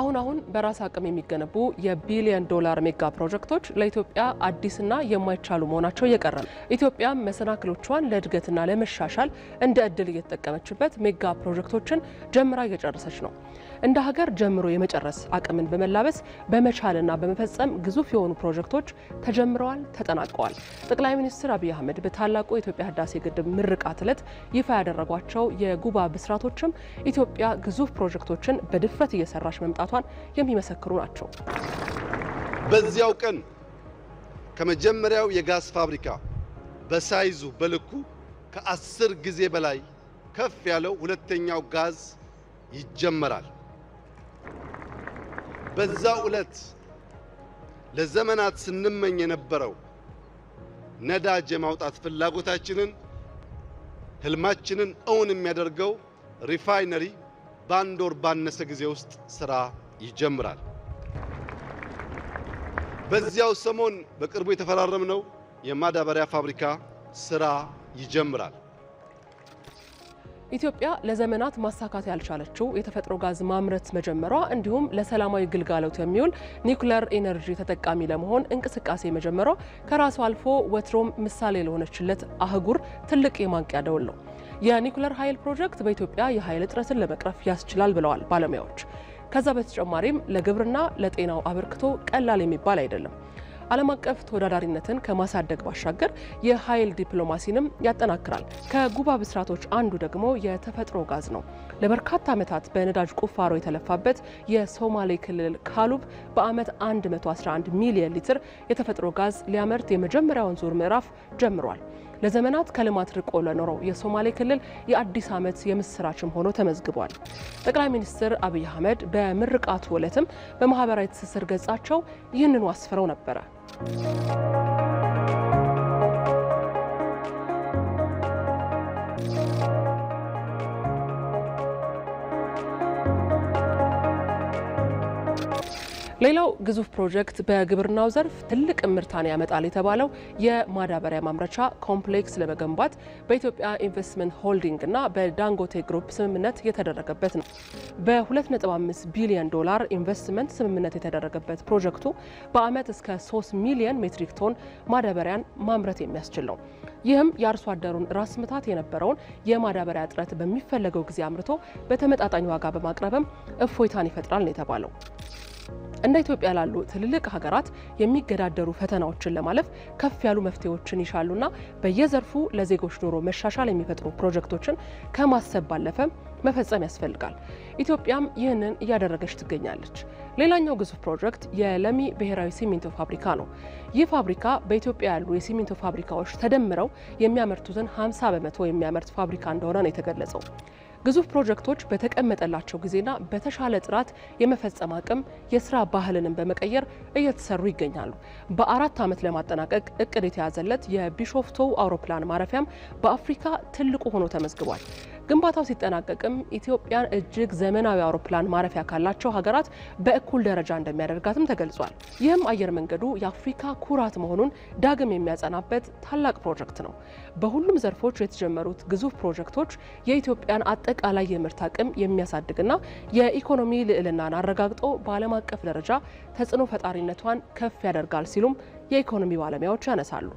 አሁን አሁን በራስ አቅም የሚገነቡ የቢሊዮን ዶላር ሜጋ ፕሮጀክቶች ለኢትዮጵያ አዲስና የማይቻሉ መሆናቸው እየቀረ ነው። ኢትዮጵያ መሰናክሎቿን ለእድገትና ለመሻሻል እንደ እድል እየተጠቀመችበት ሜጋ ፕሮጀክቶችን ጀምራ እየጨረሰች ነው። እንደ ሀገር ጀምሮ የመጨረስ አቅምን በመላበስ በመቻልና በመፈጸም ግዙፍ የሆኑ ፕሮጀክቶች ተጀምረዋል፣ ተጠናቀዋል። ጠቅላይ ሚኒስትር አብይ አህመድ በታላቁ የኢትዮጵያ ህዳሴ ግድብ ምርቃት ዕለት ይፋ ያደረጓቸው የጉባ ብስራቶችም ኢትዮጵያ ግዙፍ ፕሮጀክቶችን በድፍረት እየሰራች መምጣቷን የሚመሰክሩ ናቸው። በዚያው ቀን ከመጀመሪያው የጋዝ ፋብሪካ በሳይዙ በልኩ ከአስር ጊዜ በላይ ከፍ ያለው ሁለተኛው ጋዝ ይጀመራል። በዛው ዕለት ለዘመናት ስንመኝ የነበረው ነዳጅ የማውጣት ፍላጎታችንን ህልማችንን እውን የሚያደርገው ሪፋይነሪ በአንድ ወር ባነሰ ጊዜ ውስጥ ስራ ይጀምራል። በዚያው ሰሞን በቅርቡ የተፈራረምነው የማዳበሪያ ፋብሪካ ስራ ይጀምራል። ኢትዮጵያ ለዘመናት ማሳካት ያልቻለችው የተፈጥሮ ጋዝ ማምረት መጀመሯ እንዲሁም ለሰላማዊ ግልጋሎት የሚውል ኒውክሌር ኢነርጂ ተጠቃሚ ለመሆን እንቅስቃሴ መጀመሯ ከራሱ አልፎ ወትሮም ምሳሌ ለሆነችለት አህጉር ትልቅ የማንቂያ ደውል ነው። የኒውክሌር ኃይል ፕሮጀክት በኢትዮጵያ የኃይል እጥረትን ለመቅረፍ ያስችላል ብለዋል ባለሙያዎች። ከዛ በተጨማሪም ለግብርና፣ ለጤናው አበርክቶ ቀላል የሚባል አይደለም። ዓለም አቀፍ ተወዳዳሪነትን ከማሳደግ ባሻገር የኃይል ዲፕሎማሲንም ያጠናክራል። ከጉባ ብስራቶች አንዱ ደግሞ የተፈጥሮ ጋዝ ነው። ለበርካታ ዓመታት በነዳጅ ቁፋሮ የተለፋበት የሶማሌ ክልል ካሉብ በዓመት 111 ሚሊዮን ሊትር የተፈጥሮ ጋዝ ሊያመርት የመጀመሪያውን ዙር ምዕራፍ ጀምሯል። ለዘመናት ከልማት ርቆ ለኖረው የሶማሌ ክልል የአዲስ ዓመት የምስራችም ሆኖ ተመዝግቧል። ጠቅላይ ሚኒስትር አብይ አህመድ በምርቃቱ ዕለትም በማህበራዊ ትስስር ገጻቸው ይህንኑ አስፍረው ነበረ። ሌላው ግዙፍ ፕሮጀክት በግብርናው ዘርፍ ትልቅ ምርታን ያመጣል የተባለው የማዳበሪያ ማምረቻ ኮምፕሌክስ ለመገንባት በኢትዮጵያ ኢንቨስትመንት ሆልዲንግ እና በዳንጎቴ ግሩፕ ስምምነት የተደረገበት ነው። በ2.5 ቢሊዮን ዶላር ኢንቨስትመንት ስምምነት የተደረገበት ፕሮጀክቱ በዓመት እስከ 3 ሚሊዮን ሜትሪክ ቶን ማዳበሪያን ማምረት የሚያስችል ነው። ይህም የአርሶ አደሩን ራስ ምታት የነበረውን የማዳበሪያ እጥረት በሚፈለገው ጊዜ አምርቶ በተመጣጣኝ ዋጋ በማቅረብም እፎይታን ይፈጥራል ነው የተባለው። እንደ ኢትዮጵያ ላሉ ትልልቅ ሀገራት የሚገዳደሩ ፈተናዎችን ለማለፍ ከፍ ያሉ መፍትሄዎችን ይሻሉና በየዘርፉ ለዜጎች ኑሮ መሻሻል የሚፈጥሩ ፕሮጀክቶችን ከማሰብ ባለፈ መፈጸም ያስፈልጋል። ኢትዮጵያም ይህንን እያደረገች ትገኛለች። ሌላኛው ግዙፍ ፕሮጀክት የለሚ ብሔራዊ ሲሚንቶ ፋብሪካ ነው። ይህ ፋብሪካ በኢትዮጵያ ያሉ የሲሚንቶ ፋብሪካዎች ተደምረው የሚያመርቱትን 50 በመቶ የሚያመርት ፋብሪካ እንደሆነ ነው የተገለጸው። ግዙፍ ፕሮጀክቶች በተቀመጠላቸው ጊዜና በተሻለ ጥራት የመፈጸም አቅም የስራ ባህልንም በመቀየር እየተሰሩ ይገኛሉ። በአራት ዓመት ለማጠናቀቅ እቅድ የተያዘለት የቢሾፍቶ አውሮፕላን ማረፊያም በአፍሪካ ትልቁ ሆኖ ተመዝግቧል። ግንባታው ሲጠናቀቅም ኢትዮጵያን እጅግ ዘመናዊ አውሮፕላን ማረፊያ ካላቸው ሀገራት በእኩል ደረጃ እንደሚያደርጋትም ተገልጿል። ይህም አየር መንገዱ የአፍሪካ ኩራት መሆኑን ዳግም የሚያጸናበት ታላቅ ፕሮጀክት ነው። በሁሉም ዘርፎች የተጀመሩት ግዙፍ ፕሮጀክቶች የኢትዮጵያን አጠቃላይ የምርት አቅም የሚያሳድግና የኢኮኖሚ ልዕልናን አረጋግጦ በዓለም አቀፍ ደረጃ ተጽዕኖ ፈጣሪነቷን ከፍ ያደርጋል ሲሉም የኢኮኖሚ ባለሙያዎች ያነሳሉ።